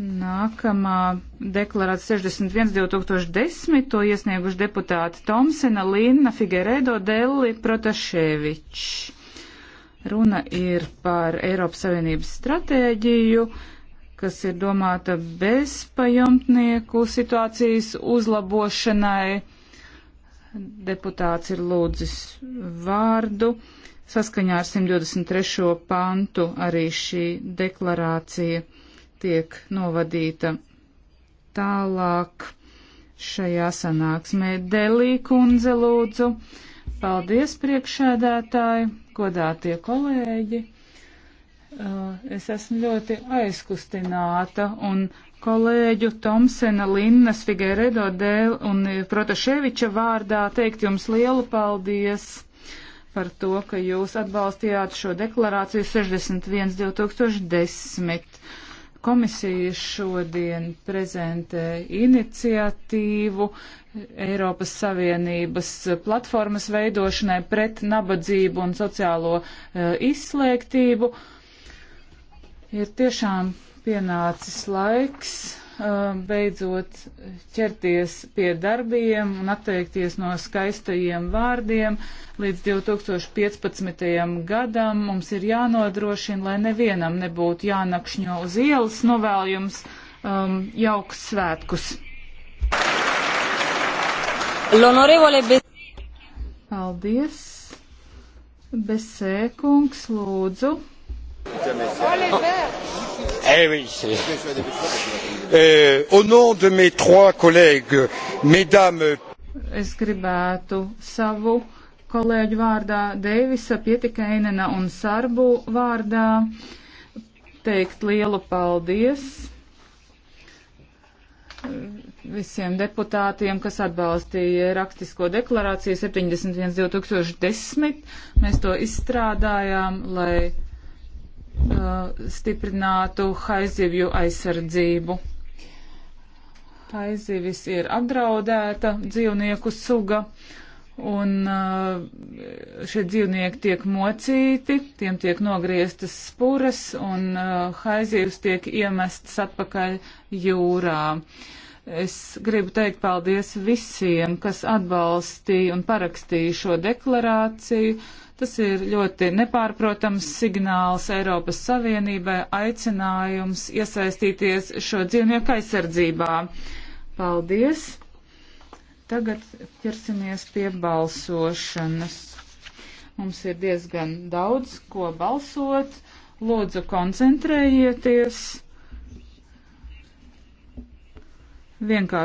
Nākamā deklarācija 61. 2010. to iesnieguši deputāti Tomsena, Linna, Figueredo, Delli, Protaševičs. Runa ir par Eiropas Savienības stratēģiju, kas ir domāta bezpajumtnieku situācijas uzlabošanai. Deputāts ir lūdzis vārdu. Saskaņā ar 123. pantu arī šī deklarācija tiek novadīta tālāk šajā sanāksmē. Delī kundze lūdzu. Paldies priekšēdētāji, godātie kolēģi. Uh, es esmu ļoti aizkustināta un kolēģu Tomsena, Linnas, Figueredo dēļ un Protaševiča vārdā teikt jums lielu paldies par to, ka jūs atbalstījāt šo deklarāciju 61.2010 Komisija šodien prezentē iniciatīvu Eiropas Savienības platformas veidošanai pret nabadzību un sociālo uh, izslēgtību. Ir tiešām pienācis laiks Um, beidzot ķerties pie darbiem un atteikties no skaistajiem vārdiem. Līdz 2015. gadam mums ir jānodrošina, lai nevienam nebūtu jānakšņo uz ielas novēljums um, jauks svētkus. Paldies. Besēkungs, lūdzu. Olivera. Eh oui. Eh, au nom de mes trois collègues, mesdames. Es gribētu savu kolēģu vārdā, Deivisa, Pietikainena un Sarbu vārdā teikt lielu paldies visiem deputātiem, kas atbalstīja rakstisko deklarāciju 71.2010. Mēs to izstrādājām, lai uh, stiprinātu haizivju aizsardzību. Haizivis ir apdraudēta dzīvnieku suga, un uh, šie dzīvnieki tiek mocīti, tiem tiek nogrieztas spuras, un uh, haizivs tiek iemests atpakaļ jūrā. Uh, Es gribu teikt paldies visiem, kas atbalstīja un parakstīja šo deklarāciju. Tas ir ļoti nepārprotams signāls Eiropas Savienībai, aicinājums iesaistīties šo dzīvnieku aizsardzībā. Paldies! Tagad ķersimies pie balsošanas. Mums ir diezgan daudz, ko balsot. Lūdzu, koncentrējieties! vienkārši.